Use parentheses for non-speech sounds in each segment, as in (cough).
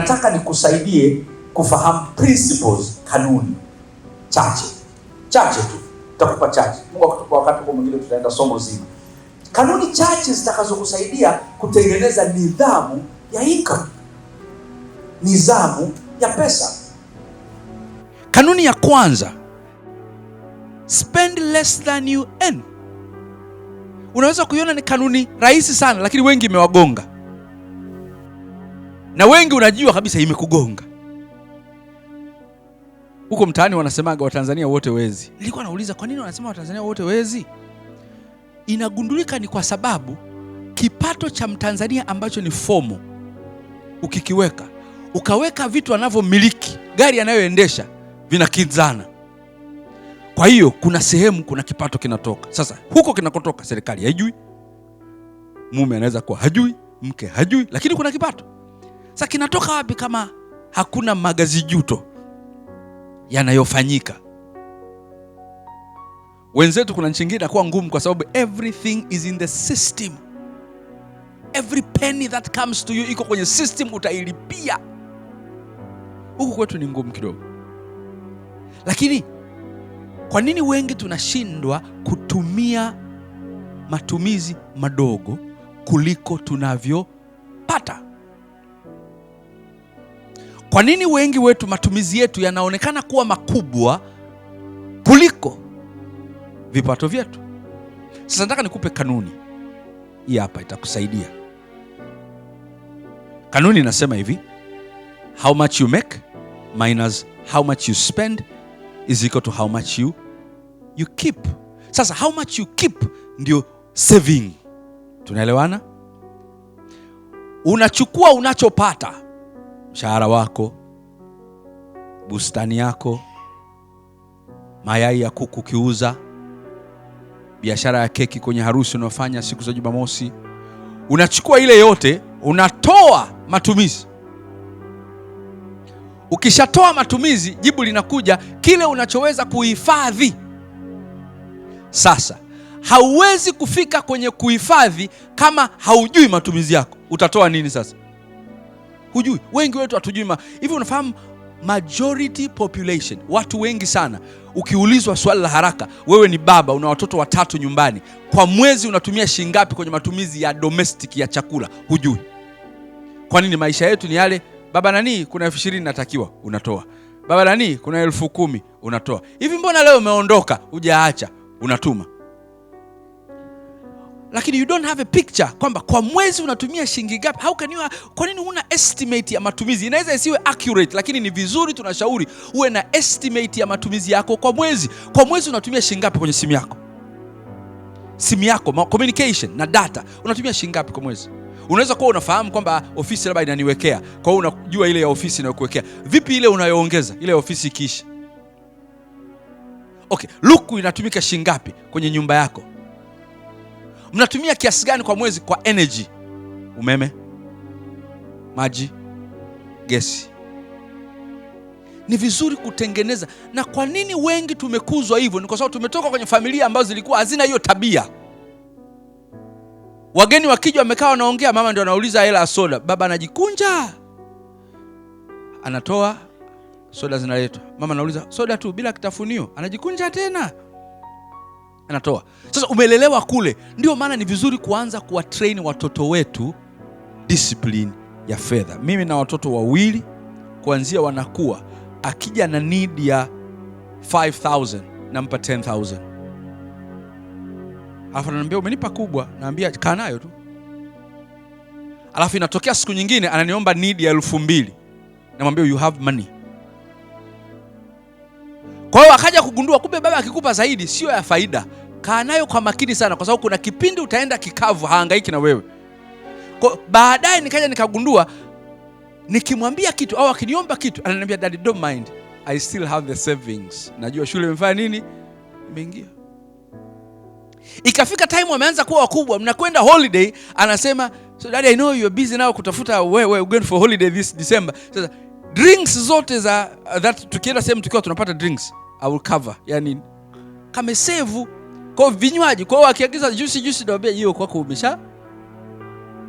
nataka nikusaidie kufahamu principles, kanuni chache chache tu, tutakupa chache. Mungu akutupa wakati huo, mwingine tutaenda somo zima, kanuni chache zitakazokusaidia kutengeneza nidhamu ya income, nidhamu ya pesa. Kanuni ya kwanza, spend less than you earn. Unaweza kuiona ni kanuni rahisi sana, lakini wengi imewagonga na wengi unajua kabisa imekugonga huko mtaani wanasemaga Watanzania wote wezi. Nilikuwa nauliza kwa nini wanasema Watanzania wote wezi? Inagundulika ni kwa sababu kipato cha Mtanzania ambacho ni fomo, ukikiweka ukaweka vitu anavyomiliki, gari anayoendesha, vinakinzana. Kwa hiyo kuna sehemu, kuna kipato kinatoka. Sasa huko kinakotoka serikali haijui, mume anaweza kuwa hajui, mke hajui, lakini kuna kipato sasa kinatoka wapi kama hakuna magazi juto yanayofanyika? Wenzetu kuna nchi ingine akuwa ngumu kwa sababu everything is in the system. Every penny that comes to you iko kwenye system, utailipia. Huku kwetu ni ngumu kidogo, lakini kwa nini wengi tunashindwa kutumia matumizi madogo kuliko tunavyopata? Kwa nini wengi wetu matumizi yetu yanaonekana kuwa makubwa kuliko vipato vyetu? Sasa nataka nikupe kanuni hii hapa, itakusaidia. Kanuni inasema hivi, how much you make minus how much you spend is equal to how much you, you keep. Sasa how much you keep ndio saving. Tunaelewana? Unachukua unachopata mshahara wako, bustani yako, mayai ya kuku kiuza, biashara ya keki kwenye harusi unayofanya siku za Jumamosi, unachukua ile yote unatoa matumizi. Ukishatoa matumizi, jibu linakuja kile unachoweza kuhifadhi. Sasa hauwezi kufika kwenye kuhifadhi kama haujui matumizi yako. Utatoa nini sasa? hujui, wengi wetu hatujui hivi. Unafahamu majority population, watu wengi sana, ukiulizwa swali la haraka, wewe ni baba, una watoto watatu nyumbani, kwa mwezi unatumia shingapi kwenye matumizi ya domestic ya chakula? Hujui. Kwa nini? Maisha yetu ni yale, baba nani, kuna elfu ishirini natakiwa, unatoa baba nani, kuna elfu kumi unatoa. Hivi mbona leo umeondoka, hujaacha, unatuma lakini you don't have a picture kwamba kwa mwezi unatumia shilingi ngapi. How can you, kwa nini huna estimate ya matumizi? Inaweza isiwe accurate, lakini ni vizuri, tunashauri uwe na estimate ya matumizi yako kwa mwezi. Kwa mwezi unatumia shilingi ngapi kwenye simu yako? Simu yako communication na data unatumia shilingi ngapi kwa mwezi? Unaweza kuwa unafahamu kwamba ofisi labda inaniwekea, kwa hiyo unajua ile ya ofisi inayokuwekea vipi, ile unayoongeza ile ya ofisi ikiisha. Okay, luku inatumika shilingi ngapi kwenye nyumba yako? mnatumia kiasi gani kwa mwezi kwa energy? Umeme, maji, gesi. Ni vizuri kutengeneza. Na kwa nini wengi tumekuzwa hivyo? Ni kwa sababu tumetoka kwenye familia ambazo zilikuwa hazina hiyo tabia. Wageni wakija, wamekaa wanaongea, mama ndio anauliza hela ya soda, baba anajikunja, anatoa soda, zinaletwa, mama anauliza soda tu bila kitafunio, anajikunja tena anatoa. Sasa umelelewa kule, ndio maana ni vizuri kuanza kuwatrain watoto wetu discipline ya fedha. Mimi na watoto wawili kuanzia wanakuwa, akija na need ya 5000 nampa 10000, alafu ananiambia umenipa kubwa, naambia kaa nayo tu. Alafu inatokea siku nyingine ananiomba need ya elfu mbili, namwambia you have money kwa hiyo akaja kugundua kumbe baba akikupa zaidi sio ya faida. Kaa nayo kwa makini sana, kwa sababu kuna kipindi utaenda kikavu, haangaiki na wewe. Kwa baadaye nikaja nikagundua, nikimwambia kitu au akiniomba kitu ananiambia daddy don't mind, I still have the savings. Najua shule imefanya nini, imeingia Ikafika time wameanza kuwa wakubwa, mnakwenda holiday, anasema so daddy, I know you're busy now kutafuta wewe, where going for holiday this December. Sasa drinks zote za uh, that, tukienda sehemu tukiwa tunapata drinks, I will cover. Yani kamesevu kwa vinywaji. Kwa hiyo akiagiza juice juice, naambia hiyo kwako umesha.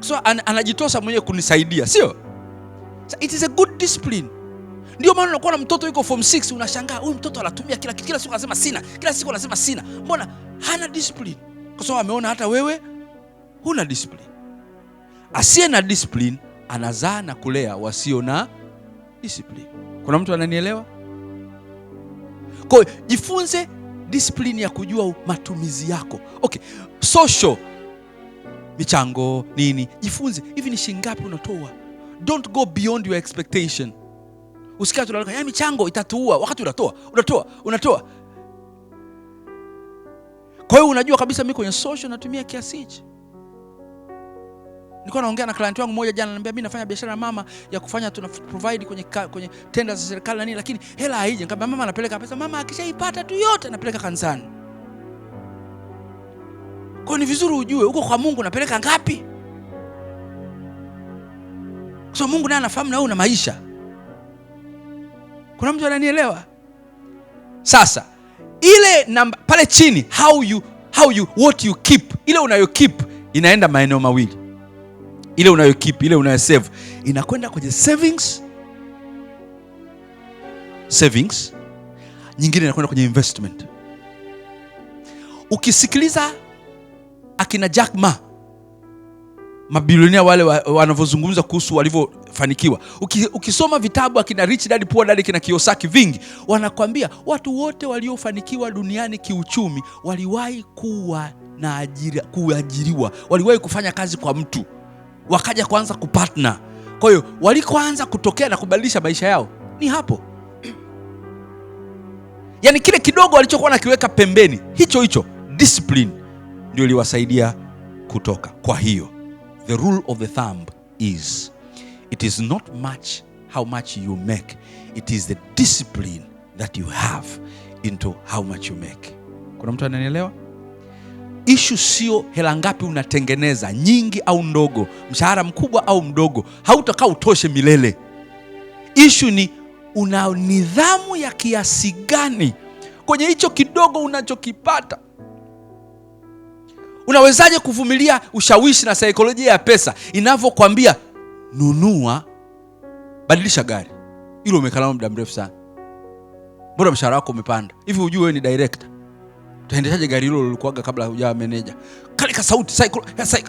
So an, anajitosa mwenyewe kunisaidia, sio? So, it is a good discipline. Ndio maana unakuwa na mtoto yuko form 6 unashangaa huyu mtoto anatumia kila kitu, kila siku anasema sina, kila siku anasema sina. Mbona hana discipline? Kwa sababu ameona hata wewe huna discipline. Asiye na discipline anazaa na kulea wasio na discipline. Kuna mtu ananielewa? Kwa hiyo jifunze discipline ya kujua matumizi yako. Okay, social michango nini, jifunze hivi ni shilingi ngapi unatoa. Don't go beyond your expectation. Usikia tunalalamika ya yaani michango itatuua, wakati unatoa unatoa unatoa. Kwa hiyo unajua kabisa mimi kwenye social natumia kiasi hichi Nilikuwa naongea na client wangu mmoja jana, ananiambia mimi nafanya biashara mama ya kufanya tuna provide kwenye kwenye tenda za serikali na nini, lakini hela haije. Nikamwambia mama, anapeleka pesa, mama akishaipata tu yote anapeleka kanisani. Kwa ni vizuri ujue huko kwa Mungu napeleka ngapi, kwa so, Mungu naye anafahamu na wewe una maisha. Kuna mtu ananielewa? Sasa ile namba pale chini, how you how you what you keep, ile unayo keep inaenda maeneo mawili ile unayokeep, ile unayosave inakwenda kwenye savings, savings nyingine inakwenda kwenye investment. Ukisikiliza akina Jack Ma mabilionia wale wanavyozungumza kuhusu walivyofanikiwa, ukisoma vitabu akina Rich Dad Poor Dad kina Kiyosaki, vingi wanakwambia watu wote waliofanikiwa duniani kiuchumi waliwahi kuwa na ajira, kuajiriwa, waliwahi kufanya kazi kwa mtu wakaja kuanza kupartner. Kwa hiyo walikoanza kutokea na kubadilisha maisha yao ni hapo, yaani kile kidogo walichokuwa nakiweka pembeni, hicho hicho discipline ndio iliwasaidia kutoka. Kwa hiyo the rule of the thumb is it is not much how much you make, it is the discipline that you have into how much you make. Kuna mtu ananielewa? Ishu sio hela ngapi unatengeneza, nyingi au ndogo, mshahara mkubwa au mdogo, hautakaa utoshe milele. Ishu ni una nidhamu ya kiasi gani kwenye hicho kidogo unachokipata. Unawezaje kuvumilia ushawishi na saikolojia ya pesa inavyokwambia nunua, badilisha gari, ilo umekalama muda mrefu sana, mbona mshahara wako umepanda hivi? Hujui wewe ni director utaendeshaje gari hilo lilokuaga kabla hujawa meneja? kalika sauti saiko,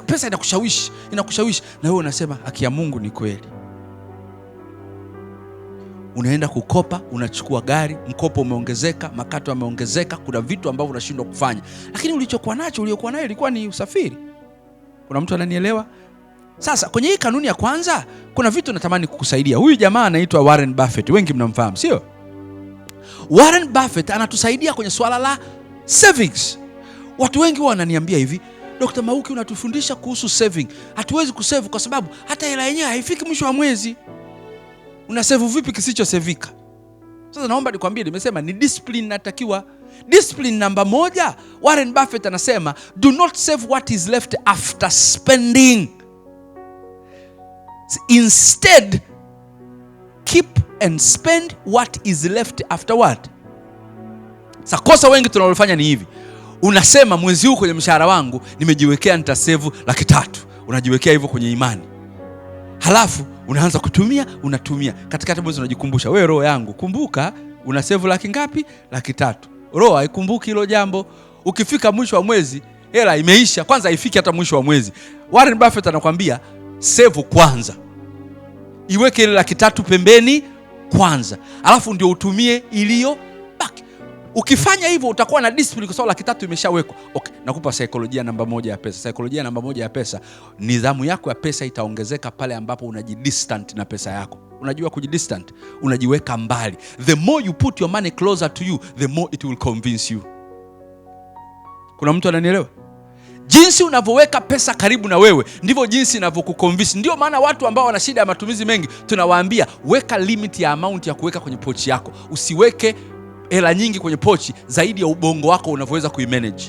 pesa inakushawishi inakushawishi, na wewe unasema haki ya Mungu ni kweli. Unaenda kukopa, unachukua gari, mkopo umeongezeka, makato yameongezeka, kuna vitu ambavyo unashindwa kufanya, lakini ulichokuwa nacho uliokuwa nayo ilikuwa ni usafiri. Kuna mtu ananielewa? Sasa kwenye hii kanuni ya kwanza kuna vitu natamani kukusaidia. Huyu jamaa anaitwa Warren Buffett, wengi mnamfahamu, sio? Warren Buffett anatusaidia kwenye swala la savings. Watu wengi wananiambia hivi, Dr. Mauki unatufundisha kuhusu saving, hatuwezi kusave kwa sababu hata hela yenyewe haifiki mwisho wa mwezi. Una vipi kisichosevika? Sasa naomba nikwambie, nimesema ni discipline natakiwa. Discipline namba moja, Warren Buffett anasema do not save what is left after spending, instead keep and spend what is left what? Sa kosa wengi tunalofanya ni hivi, unasema mwezi huu kwenye mshahara wangu nimejiwekea nitasevu laki tatu, unajiwekea hivyo kwenye imani, halafu unaanza kutumia, unatumia katikati mwezi, unajikumbusha wewe, roho yangu, kumbuka una sevu laki ngapi? Laki tatu. Roho haikumbuki hilo jambo. Ukifika mwisho wa mwezi hela imeisha, kwanza haifiki hata mwisho wa mwezi. Warren Buffett anakwambia sevu kwanza, iweke ile laki tatu pembeni kwanza, alafu ndio utumie iliyo Ukifanya hivyo utakuwa na discipline kwa sababu laki tatu imeshawekwa. Okay, nakupa saikolojia namba moja ya pesa. Saikolojia namba moja ya pesa, nidhamu yako ya pesa itaongezeka pale ambapo unajidistant na pesa yako. Unajua kujidistant, unajiweka mbali. The more you put your money closer to you, the more it will convince you. Kuna mtu ananielewa? Jinsi unavyoweka pesa karibu na wewe ndivyo jinsi inavyokuconvince. Ndio maana watu ambao wana shida ya matumizi mengi tunawaambia weka limit ya amount ya kuweka kwenye pochi yako, usiweke hela nyingi kwenye pochi zaidi ya ubongo wako unavyoweza kuimanage.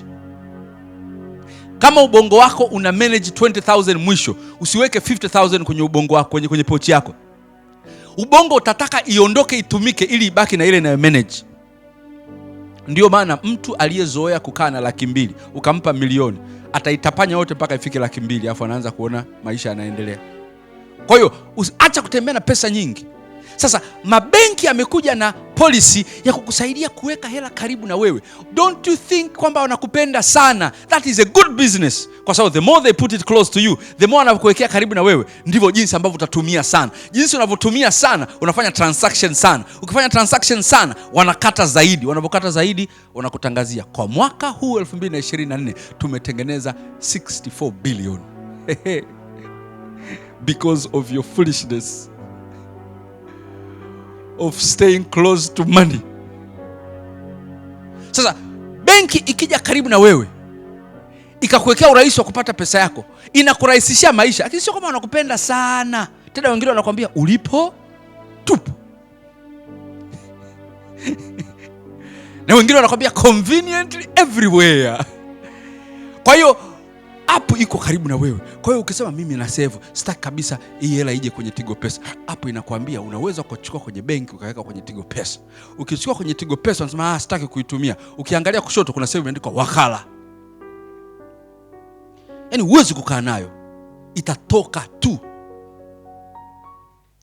Kama ubongo wako una manage 20000 mwisho, usiweke 50000 kwenye ubongo wako, kwenye, kwenye pochi yako. Ubongo utataka iondoke itumike, ili ibaki na ile inayo manage. Ndiyo maana mtu aliyezoea kukaa na laki mbili ukampa milioni ataitapanya yote mpaka ifike laki mbili, alafu anaanza kuona maisha yanaendelea. Kwa hiyo acha kutembea na pesa nyingi. Sasa mabenki yamekuja na polisi ya kukusaidia kuweka hela karibu na wewe. Don't you think kwamba wanakupenda sana? That is a good business, kwa sababu the more they put it close to you, the more wanakuwekea karibu na wewe, ndivyo jinsi ambavyo utatumia sana. Jinsi unavyotumia sana, unafanya transaction sana. Ukifanya transaction sana, wanakata zaidi. wanavokata zaidi, wanakutangazia kwa mwaka huu 224 tumetengeneza 64 billion (laughs) because of your foolishness of staying close to money. Sasa benki ikija karibu na wewe ikakuwekea urahisi wa kupata pesa yako, inakurahisishia maisha, lakini sio kama wanakupenda sana tena, wengine wanakwambia ulipo tupo (laughs) na wengine wanakwambia conveniently everywhere. Kwa hiyo app iko karibu na wewe. Kwa hiyo ukisema mimi na save, sitaki kabisa hii hela ije kwenye Tigo Pesa, app inakwambia unaweza kuchukua kwenye benki ukaweka kwenye Tigo Pesa. Ukichukua kwenye Tigo Pesa unasema ah, sitaki kuitumia. Ukiangalia kushoto kuna sehemu imeandikwa wakala, yaani huwezi kukaa nayo, itatoka tu.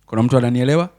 Kuna mtu ananielewa?